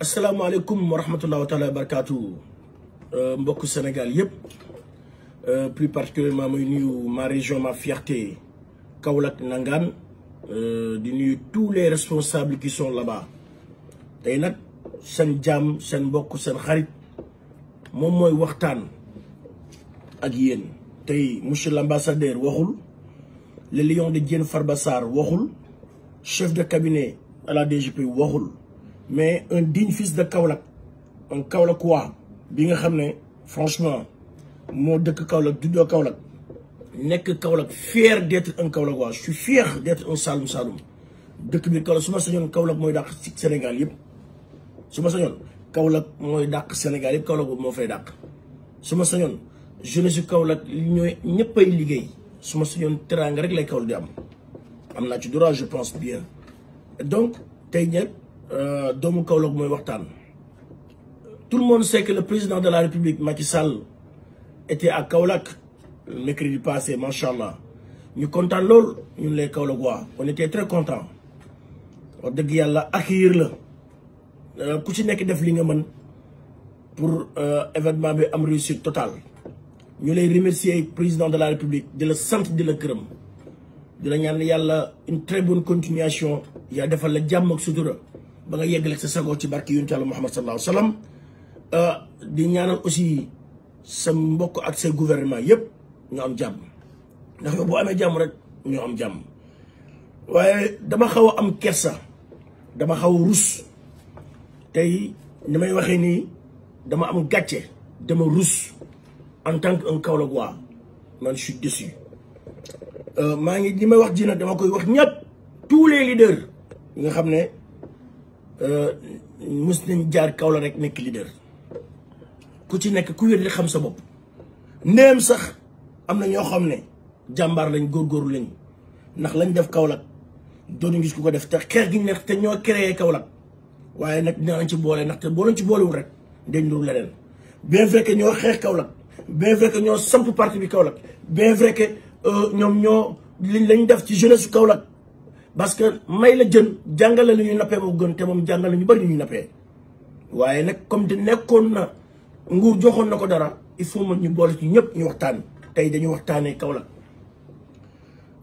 alaikum wa rahmatullahi taala wa Barkatu, euh, Mboko Sénégal euh, plus particulièrement ma région ma fierté Nangan, Nangan euh, tous les responsables qui sont là-bas tey là, seen jàmm sen mbokk sen Kharit, moom monsieur l'ambassadeur Wahul, le lion de Dien Farbassar Wahul, chef de cabinet à la DGP Wahul mais un digne fils de Kaolack un Kaolackois bi nga xam ne franchement moo dëkk Kaolack juddoo Kaolack nekk Kaolack fier d'être un Kaolackois je suis fier d'être un Saloum Saloum De bi Kaolack su ma sañoon Kaolack mooy dàq ci Sénégal yëpp su ma sañoon Kaolack mooy dàq Sénégal yëpp Kaolack boobu moo fay dàq su ma sañoon jeunesse su Kaolack ñooy ñëpp ay liggéey su ma rek lay Kaolack di am ci je pense bien donc tey ñëpp euh, tout le monde sait que le président de la République Macky Sall était à le mercredi passé macha allah Nous comptons lool nous les Kaologois, on était très content On dëgg yàlla accueillir la euh, ku ci nekk def li nga pour euh, événement bi am réussite totale ñu lay président de la République de le sentir de la crème. di la une très bonne continuation Il y a la jàmm ak sutura ba nga yeggale sa sago ci barki yonent Yàlla Muhammad sallallahu alayhi wasallam euh, di ñaanal aussi sa mbokk ak sa gouvernement yëpp ñu am jàmm ndax yow boo amee jàmm rek ñu am jàmm waaye dama xaw a am kersa dama xaw a rus tey ni may waxee nii dama am gàcce dama rus en tant que un Kaolackois man je de déçu euh, maa ngi li may wax jii nag dama koy wax ñëpp tous les leaders nga xam ne Euh, mës nañ jaar kaw rek nekk leader ku ci nekk ku wér di xam sa bopp ndéem sax am na ñoo xam ne jàmbaar lañ góorgóorlu lañ ndax lañ def Kaolack doonuñu ngi ku ko def te xeex gi ñu nekk te ñoo créé Kaolack waaye nag dinañ ci boole ndaxte boo lañ ci boolewul rek dañ lu leneen bien vrai que ñoo xeex kawla bien vrai que ñoo samp parti bi Kaolack bien vrai que euh, ñoom ñoo liñ lañ def ci jeunesse su Kaolack parce que may la jën jàngale nañu nappee boo gën te moom jàngale ñu bari ñuy nappee waaye nag comme di nekkoon na nguur joxoon na ko dara il faut ma ñu boole ci ñëpp ñu waxtaan tey dañu waxtaanee Kaolack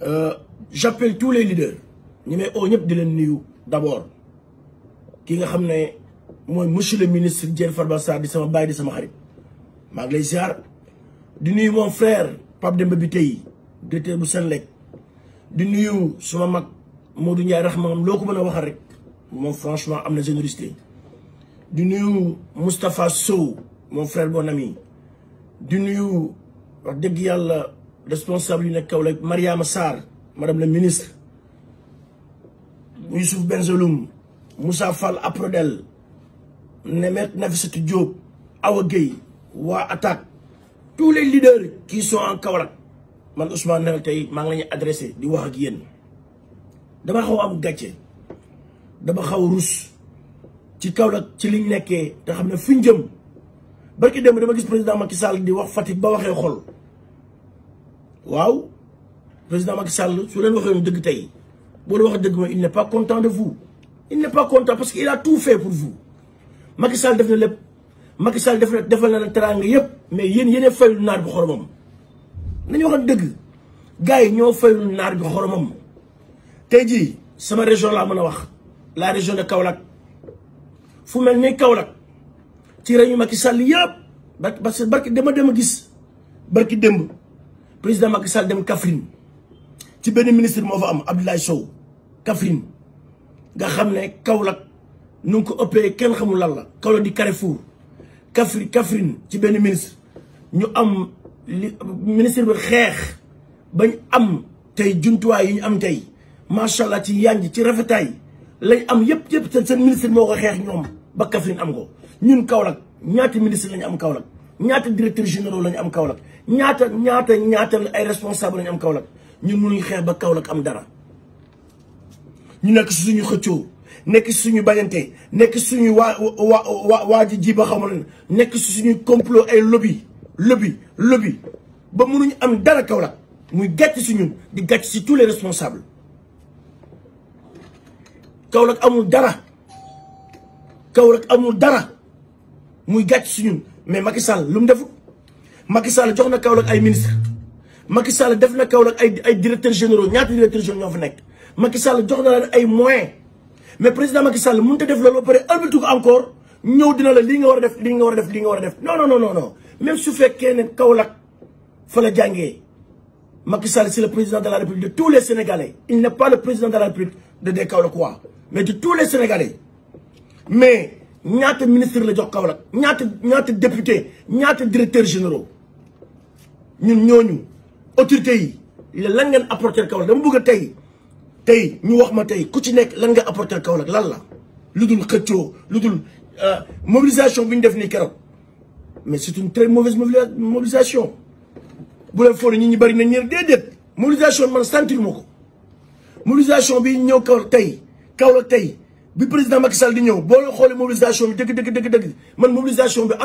euh, j'appelle tous les leaders ñu may oo ñëpp di leen nuyu d'abord ki nga xam ne mooy monsieur le ministre Diène Farba di sama baay di sama xarit maa ngi lay ziar di nuyu mon frère Pape Demba bi tey directeur bu Senelec di nuyu suma mag Modou Ndiaye Rahman mom loko meuna waxal rek mom franchement amna na générosité di nuyu mustapha Sow mon frère bon ami di nuyu wax deug yalla responsable yu nekk Kaolack Mariama madame le ministre Youssouf Benzeloum Moussa Fall Aprodel Nemet Nafissatou Diop Awa Gueye wa attaque tous les leaders qui sont en Kaolack man Ousmane Noël tay maa ngi adresser di wax ak yene dama xaw am gàcce dama xaw rus ci kaw nag ci liñ nekkee te xam ne fuñ jëm barki démb dama gis président Macky Sall di wax Fatick ba waxee xol waaw président Macky Sall su leen waxee dëgg tey boo leen waxee dëgg mooy il n'est pas content de vous il n'est pas content parce que il a tout fait pour vous Macky Sall def na lépp Macky Sall def na defal na teraanga yëpp mais yéen yéen fayul naar bi xoromam nañu wax dëgg gars yi ñoo fayul naar bi xoromam tey jii sama région laa mën a wax la région de Kaolack fu mel ni Kaolack ci réñu Macky Sall yëpp ba parce que barki dama dem a gis barki démb président Macky Sall dem Kaffrine ci benn ministre moo fa am Abdoulaye Sow Kaffrine nga xam ne Kaolack nu ko ëppee kenn xamul lan la Kaolack di Carrefour Kaffrine Kaffrine ci benn ministre ñu am li ministre bi xeex bañ am tey jumtuwaay yi ñu am tey macha allah ci yanj ci rafetaay lañ am yëpp yëpp seen seen ministre moo ko xeex ñoom ba Kaffrine am ko ñun Kaolack ñaata ministre la am Kaolack ñaata directeur généraux la am Kaolack ñaata ñaata ñaata ay responsable la am Kaolack ñun mënuñu xeex ba Kaolack am dara ñu nekk si suñu xëccoo nekk si suñu bañante nekk si suñu waa waa waa ji ji ba xamoon nekk si suñu complot ay lobby lobby lobby ba mënuñu am dara Kaolack muy gàcc si ñun di gàcc si tous les responsables kawlak amul dara Kaolack amul dara muy mais Macky Sall lu mu deful Macky Sall ay ministre Macky Sall def na directeur ay ay directeurs généraux ñaata directeur généraux ñoo fa nekk Macky Sall mais président Macky Sall a def peu ba encore nous dina la ligne nga def lii def def non non non non même su qu'il ne Kaolack fa la jàngee Macky Sall c'est le président de la République de tous les Sénégalais il n'est pas le président de la République de des mais de tous les Sénégalais mais ministre la jox kawla député ñaata directeur généraux ñun ñooñu autorités yi lan ngeen apporter Kaolack dama bëgg a tay ñu wax ma tay ku ci nek lan nga apporter le lan la ludul ludul euh, mobilisation def mais c'est une très mauvaise mobilisation bu leen ñi bari na mobilisation man sentir mobilisation bi ñëw kaw tay kaw la bi président Macky Sall di ñëw bo la mobilisation bi deug deug deug man mobilisation bi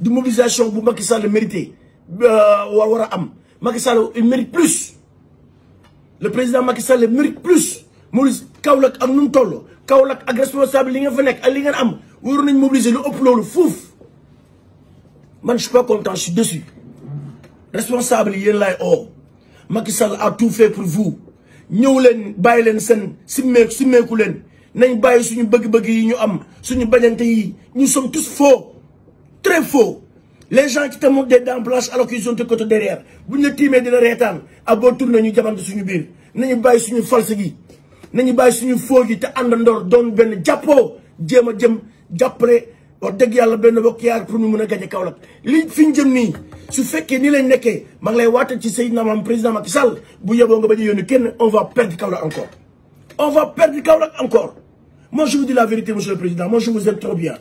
du mobilisation bu Macky Sall mérité euh, am Macky Sall il mérite plus le président Macky Sall mérite plus mobilis la ak une ak responsable li nga fa nek li am waru mobiliser lu man je suis pas content je suis dessus, responsable est là oo Macky Sall a tout fait pour vous. ñëw leen bàyyi leen seen simmeeku simmeeku leen nañ bàyyi suñu bëgg-bëgg yi ñu am suñu bañante yi ñu sommes tous foo très foo les gens qui te montrent des dents blanches alors qu'ils sont de côté derrière bu ñu la tiimee dina reetaan à na ñu jamante suñu biir nañu bàyyi suñu false gi nañu bàyyi suñu faux gi te àndandoor doon benn jàppoo jéem a jëm jàppale wax dëgg yàlla benn bokk yaar pour ñu mën a gañe Kaolack li fi ñu jëm ni su fekkee nii lañ nekkee maa lay waatal ci président Macky Sall bu yeboo nga kenn on va perdre Kaolack encore. on va perdre Kaolack encore moi je vous dis la vérité monsieur le président moi je vous aime trop bien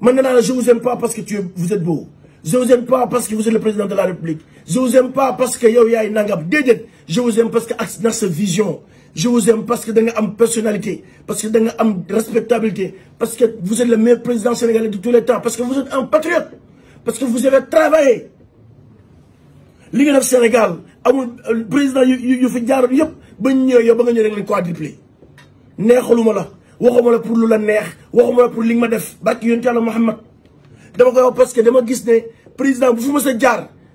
Maintenant nee la je vous aime pas parce que tu vous êtes beau je vous aime pas parce que vous êtes le président de la République je vous aime pas parce que yow yaay nangam déedéet je vous aime parce que ak na vision. Je vous aime parce que vous avez une personnalité, parce que vous avez une respectabilité, parce que vous êtes le meilleur président sénégalais de tous les temps, parce que vous êtes un patriote, parce que vous avez travaillé. li def Sénégal euh, le président yu yu fi un peu ba de ñëwee Il a ñëw rek plus. quadruplé neexaluma la waxuma la pour lu la neex waxuma pour li nga ma def de temps. Il Muhammad dama koy wax parce que dama président bu fi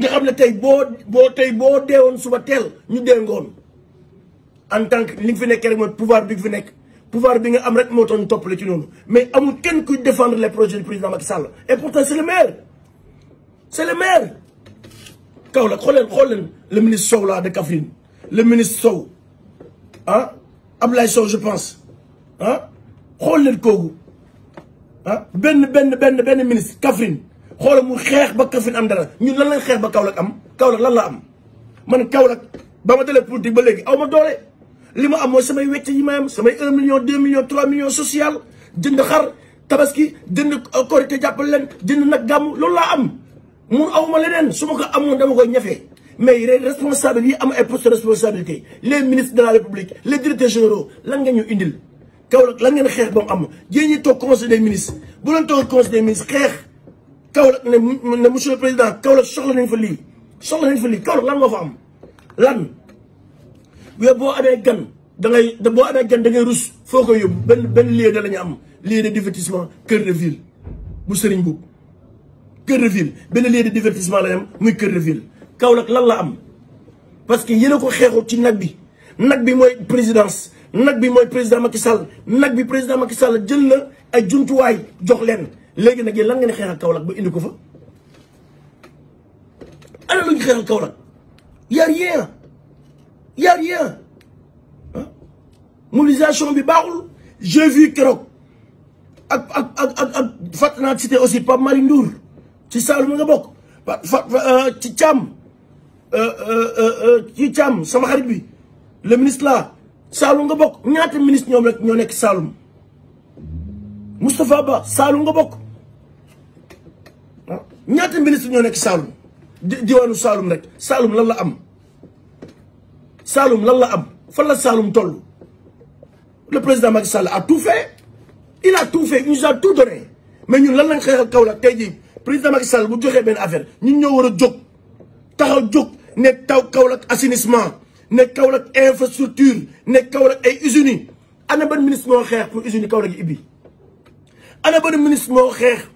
nga xam ne tey bo ñu en tant que pouvoir bi fi pouvoir bi nga am rek mais amul défendre les projets du président Macky Sall et pourtant c'est le maire C'est le maire kaw la le ministre Sow de Kaffrine le ministre Sow hein Sow je pense hein ah, le ah, ministre Kaffrine xoola mu xeex ba Kaffrine am dara ñun lan lañ xeex ba Kaolack am Kaolack lan la am man Kaolack ba ma dalee politique ba léegi aw ma doole li ma am mooy samay yi ma am samay un million deux millions trois millions social jënd xar tabaski jënd korité jàppal leen jënd nag gàmm loolu laa am mun aw ma leneen su ma ko amoon dama koy ñafe mais responsable yi am ay postes de responsabilité les ministres de la république les directeurs généraux lan nga ñu indil Kaolack lan ngeen xeex ba mu am yéen ñi toog conseil des bu leen toog conseil des xeex Kaolack ne ne monsieur le président Kaolack soxla nañ fa lii soxla nañ fa lii Kaolack lan nga fa am lan yow boo amee gan da ngay boo amee gan da ngay rus foo ben-ben benn benn lieu da la am lieu de divertissement cœur de ville bu Serigne Mboup cœur de ville benn lieu de divertissement la ñu am muy cœur de ville Kaolack lan la am parce que yéen ko xeexu ci nag bi nag bi mooy présidence nag bi mooy président Macky Sall nag bi président Macky Sall jël na ay jox léegi nag yéen lan ngeen xeexal Kaolack ba indi ko fa ana lu ñu xeexal Kaolack yar rien yar rien ah? bi baaxul j'ai vu keroog ak ak ak aussi Pape Marie ci Saalum nga bokk fa euh, ci Thiam euh, euh, ci Thiam sama xarit bi le ministre la Saalum nga bokk ñaata ministre ñoom rek ñoo nekk Saalum Moustapha Ba Saalum nga bokk ñaata ministre ñoo nek salum di diwaanu Saloum rek salum lan la am salum lan la am fa la salum tollu le président Macky Sall a tout fait il a tout fait il nous a tout donné mais ñun lan lañ xeexal la tey jii président Macky Sall bu joxé ben affaire ñun ñoo wara a taxaw jóg ne taw Kaolack assainissement ne Kaolack infrastructure ne Kaolack ay usines ana ban ministre mo xeex pour usine Kaolack yi ibi ana ban ministre mo xeex.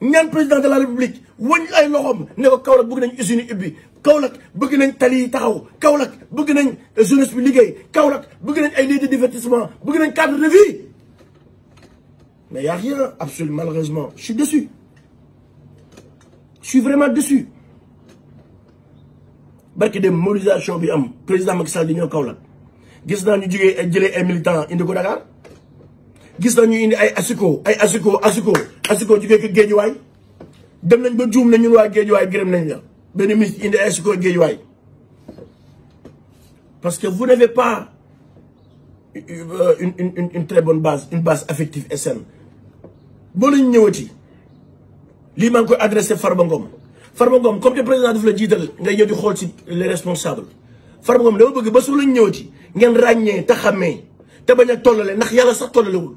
ñaan président de la république wañ ay loxoom ne ko Kaolack bëgg nañ usine yi ubbi Kaolack bëgg tali yi taxaw Kaolack bëgg nañ euh, jeunesse bi liggéey Kaolack bëgg nañ ay lieux de divertissement bëgg cadre de vie mais y a rien absolument malheureusement je suis déçu je suis vraiment déçu barki de mobilisation bi am président Macky Sall di ñëw Kaolack gis naa ñu jugee jëlee ay militants indi ko Dakar gis nañu indi ay asiko ay asiko asiko asiko jugee ko way dem nañ ba juum nañu wa waa way gërëm nañ la benn ministre indi ay asiko way parce que vous n'avez pas euh, une, une, une, une, très bonne base, une base affective bo SN. Bolin li l'imam a adressé Farbangom. Farbangom, comme le président de ngay ñëw di xol ci les responsables. Farbangom, le Nyoti, ba y a un ragné, il y a ragné, il y a un ragné, il y a un ragné,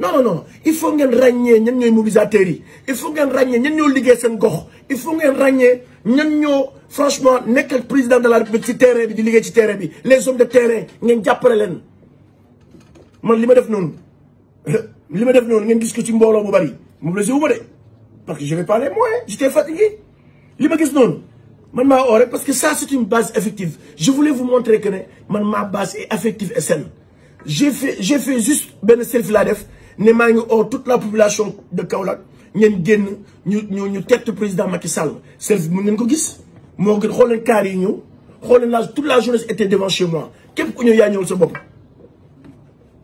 non non non il faut ngeen ragné ñan ñooy mobilisateurs yi il faut ngeen ragné ñan ñoo liggé sen gox il faut ngeen ragné ñan ñoo franchement nek ak président de la république ci terrain bi di liggé ci terrain bi les hommes de terrain ngeen jappalé len man lima def non lima def non ngeen gis ko ci mbolo bu bari mobilisé wu ma dé parce que je vais parler moyens j'étais fatigué lima gis non man ma oore parce que ça c'est une base effective je voulais vous montrer que man ma base est affective et saine j'ai fait j'ai fait juste ben selfie la def ne maa ngi toute la population de Kaolack ñen génn ñu ñu ñu président Macky Sall selfie mën ngeen ko gis mo gën xool leen yi ñu toute la jeunesse était devant chez moi képp ku ñu yaa ñëwal sa bopp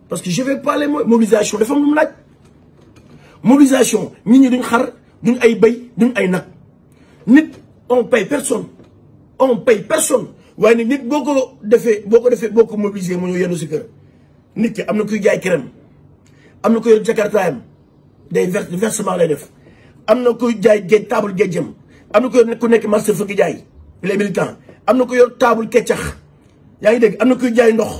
parce que je vais parler mobilisation dafa mu laaj mobilisation nit ñi duñ xar duñ ay bay duñ ay nak nit on paye personne on paye personne waaye ni nit boko ko boko boo boko mobiliser mo ñu mobilisé ci kër nit ki amna kuy jaay crème amna na ko yor jakartaayam day versement lay def amna na ko jaay géej table géejam amna na ko yor ku nekk marché fu ngi jaay les militants amna na ko yor table ketchax yaa deg amna am na koy jaay ndox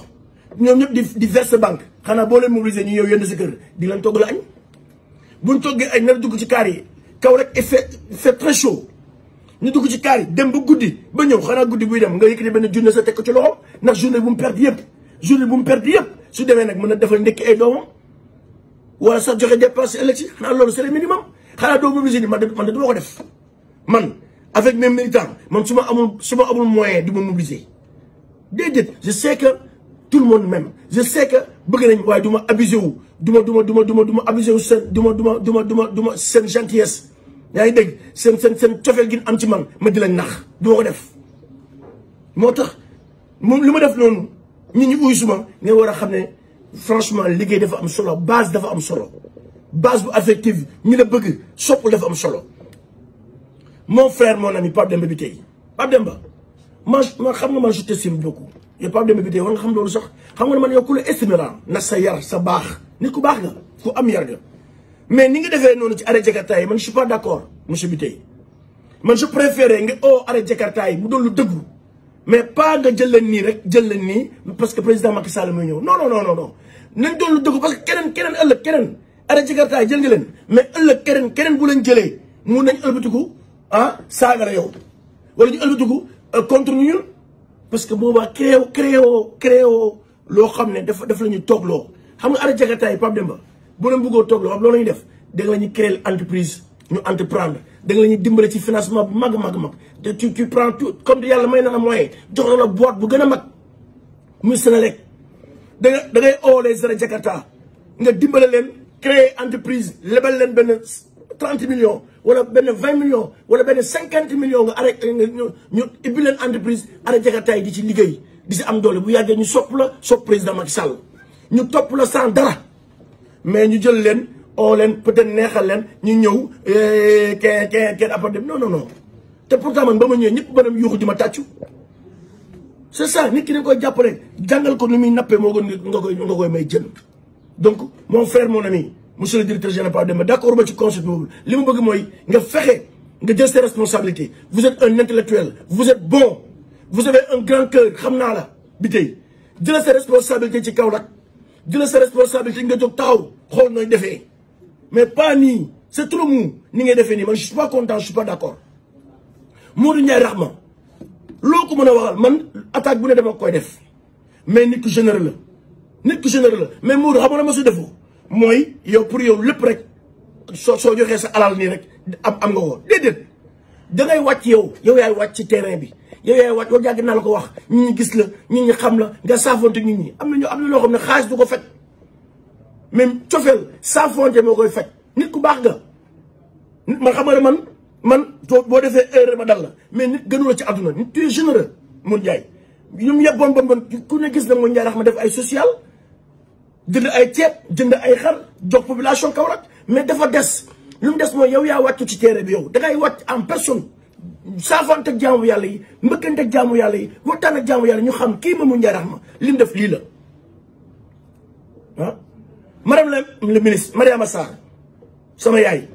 ñoom ñëpp di verse banque xana bo leen mobiliser ñu ñëw yenn si kër di lan togg la añ buñ toggee ay na dugg ci kaar yi kaw rek fait fait très chaud ñu dugg ci kaar dem ba goudi ba ñew xana goudi buy dem nga yëkkati ben journée sa tek ko ci loxo nak journée bu mu perte yëpp journée bu mu perte yëpp su demee nak mën a defal ndekki ay doomam wala sa joxe dépassé élection c'est le minimum Je ne mobiliser pas de man avec mes militants je amul moyen mobiliser je sais que tout le monde même je sais que bëgg nañ waaye que je abusé wu duma, Je duma, duma, abusé gentillesse Je dégg sen, sen, am ci man ma di lañ def franchement les dafa am solo base dafa am solo base affective ñu la bëgg sopu dafa solo mon frère mon ami Pape Dembe bi Pape Demba man xam je beaucoup Pape je nga xam sax xam nga ne man yow ku la na sa ku am mais ni nga défé nonu ci arrêt Jakarta man je suis pas d'accord monsieur bi man je nga arrêt Jakarta mu lu mais pas nga jël leen nii rek jël leen nii parce que président Macky Sall mooy ñëw non non non non nañ doon lu dëgg parce que keneen keneen ëllëg keneen arrêté Jakarta jël nga leen mais ëllëg keneen keneen bu lañ jëlee mun nañ ëlbatiku ah saagara yow wala ñu ëlbatiku euh, contre ñun parce que boobaa créé créé créé loo xam ne daf def la ñuy toogloo xam nga arrêté Jakarta yi Pape Demba bu leen bëggoo toogloo xam loolu la ñuy def da nga la ñuy créer entreprise ñu entreprendre da nga la ñuy dimbale ci financement bu mag mag mag te tu tu prends tout comme yàlla may na la moyen jox na la boîte bu gën a mag muy Senelec da nga da ngay oo les jeunes nga dimbale leen créer entreprise lebal leen benn trente million wala benn vingt millions wala benn cinquante million nga arrêté nga ñu ñu ubbi leen entreprise arrêté Jakarta yi di ci liggéey di si am doole bu yàggee ñu sopp la sopp président Macky Sall ñu topp la sans dara mais ñu jël leen. peut-être eh, non non non pourtant c'est ça nit ki est quoi jàppale jàngal ko nu donc mon frère mon ami monsieur le directeur général d'accord mais tu bëgg nga ses responsabilités vous êtes un intellectuel vous êtes bon vous avez un grand cœur xam la ses responsabilités de Kaolack ses responsabilités nga mais pas ni. C'est trop mou. Ni je ne suis pas content, je ne suis pas d'accord. Mourir rarement. comme attaque de mon coin Mais ni que général. Ni que général. Mais moi je monsieur de vous. Moi, yo pour yo le prêt So yo reste à Am Dédé. Da ngay terrain ko wax. Ñi gis la, ñi xam la, nga même cofeel saa fonte moo koy faj nit ku baax nga nit man xam nga man man boo defee erreur ma dal la mais nit gënu la ci àdduna nit tu es généreux mun jaay ñum yëpp bon bon bon ku ne gis na mun jaay rax def ay social jënd ay ceeb jënd ay xar jox population Kaolack mais dafa des lu mu des mooy yow yaa wàccu ci terrain bi yow da ngay wàcc en personne saafante ak jaamu yi mbëkkante ak jaamu yi waxtaan ak jaamu yàlla ñu xam kii ma mun jaay rax ma li la ah? madame la le ministre Mariama Sarr sama yaay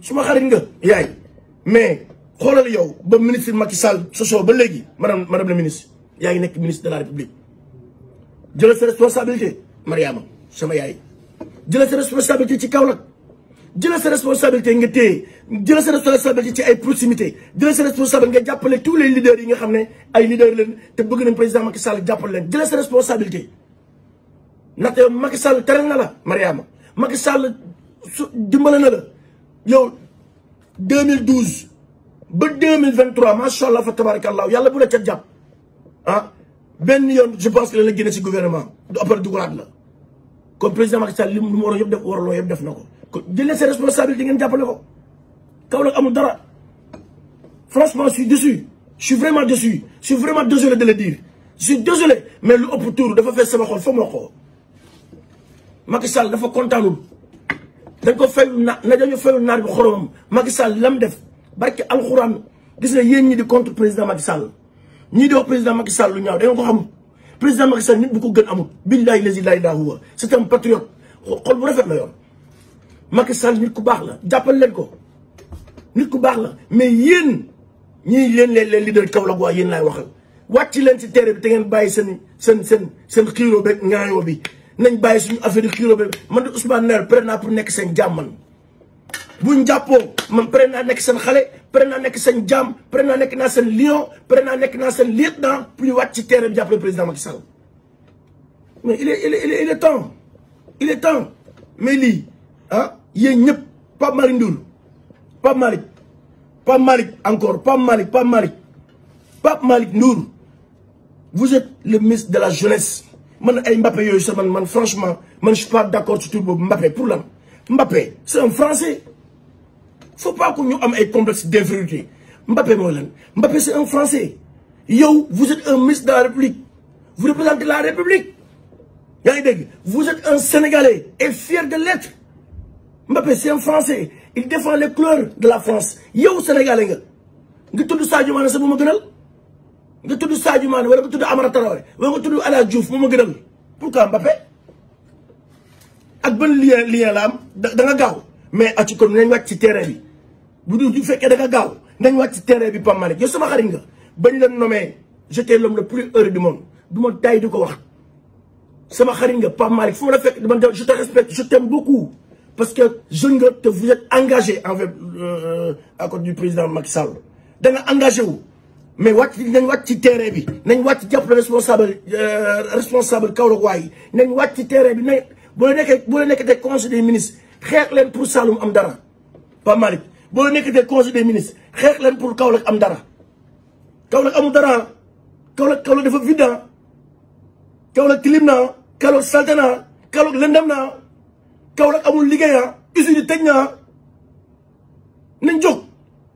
suma xarit nga yaay mais xoolal yow ba ministre Macky Sall sosoo ba léegi madame madame la ministre yaa ngi nekk ministre de la république jëlal sa responsabilité Mariama sama yaay jëlal sa responsabilité ci Kaolack jëlal sa responsabilité nga téye jëlal sa responsabilité ci ay proximité jëlal sa responsabilité nga jàppale tous les leaders yi nga xam ne ay leaders leen te bëgg nañ président Macky Sall jàppale leen jëlal sa ndaxte Macky Sall teral na la Mariama Macky Sall su dimbale na la yow 2012 ba 2023 macha allah fa tabarakallah yàlla bu la ca djap ah ben yon je pense que la la génne gouvernement du après dugalaat la comme président Macky Sall lim mu waroon yëpp def waraloo yëpp def nako ko kon jëlee ses responsabilités ngeen jàppale ko kaw nag amul dara franchement je suis déçu je suis vraiment déçu je suis vraiment désolé de le dire je suis désolé mais lu ëpp tuuru dafa fees sama xol fa moo ko Macky Sall dafa kontaanul dañ ko fayu na dañu fayu naar bi xoromam Macky Sall lam def barke alxuraan gis nga yéen ñi di contre président Macky Sall ñii di président Macky Sall lu ñaaw da nga ko xamul président Macky nit bu ko gën amul billahi lazi la ilaha huwa c'est un patriote xol bu rafet na yoon Macky Sall nit ku baax la jàppal leen ko nit ku baax la mais yéen ñii yéen leen leen leader Kaolack waa yéen laay waxal wàcci leen si terre te ngeen bàyyi seen seen seen seen xiiroo beeg ngaayoo bi nañ bàyyi suñu affaire xiro bi man de Ousmane Noël pare pour nekk seen jaam man buñ jàppoo man pare naa nekk seen xale pare naa nekk seen jaam pare naa nekk naa seen lion pare naa nekk naa seen pour ñu wàcc ci terrain président Macky mais il est il est il est temps il est temps Meli lii ah yéen ñëpp Pape Malick Ndour Pape Malick Pape Malick encore Pape Malick Pape Malick Pape Malick nour vous êtes le ministre de la jeunesse man eh, Mbappé man franchement man je suis pas d'accord tout tout monde. Mbappé pour Mbappé c'est un français Il ne faut pas que nous am ay complexe d'infériorité Mbappé Mbappé c'est un français vous êtes un ministre de la République vous représentez la République vous êtes un Sénégalais et fier de l'être Mbappé c'est un français il défend les couleurs de la France yow Sénégalais nga nga tout ça, sa nga tudd Sadio Mané wala nga tudd Amara Traoré wala nga tudd ala Hadj Diouf moom gënal pourquoi Mbappé ak ban lien lien la am da nga gaw mais a ci kon nañ wàcc ci terrain bi bu du fekkee da nga gaw nañ wacc ci terrain bi Pape Malick yo sama xarit nga bañ la nommé j'étais l'homme le plus heureux du monde du ma tay du ko wax sama xarit nga Pape Malick fuma la fekk man je te respecte je t'aime beaucoup parce que je nga te vous êtes engagé envers euh, à côté du président Macky Sall da nga engagé wu mais wàcc nañ wàcc ci terrain bi nañ wàcc jàppale responsable euh, responsable Kaolack waay yi nañ wàcc ci terrain bi nañ bu nekkee bu la nekkee te conseil des ministres xeex leen pour Saloum am dara Pape Malick bu la nekkee te conseil des ministres xeex leen pour Kaolack am dara Kaolack amul dara Kaolack Kaolack dafa vide ah. Kaolack tilim naa Kaolack salte naa Kaolack lëndam naa Kaolack amul liggéeya ah, usine yi tëj naa nañ jóg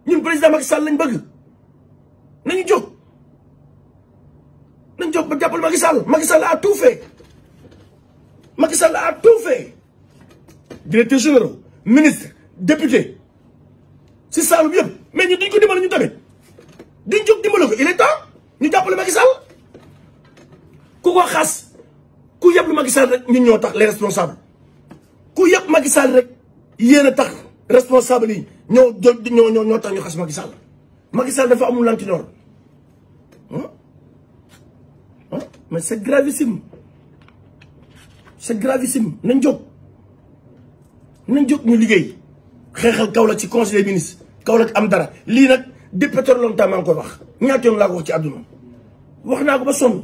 ñun président Macky Sall lañ bëgg nañu jóg nañu jóg ba jàppal Macky Sall Macky Sall a tout fait Macky Sall a tout fait directeur général ministre député si Saalum yëpp mais ñu duñ ko dimbali ñu tamit duñ jóg dimbali ko il ñu jàppale Macky Sall ku ko xas ku yëpp lu Sall rek ñun ñoo tax les responsables ku yëpp Macky Sall rek yéen a tax responsable yi ñoo ñoo ñoo tax ñu xas Macky Sall Macky Sall dafa amul lantinoor mais c'est gravissime c'est gravissime nañ jóg nañ jóg mu liggéey xeexal Kaolack ci conseil des ministres Kaolack am dara lii nag depuis trop longtemps maa ngi koy wax ñaata yoon laa ko wax ci àdduna wax naa ko ba sonn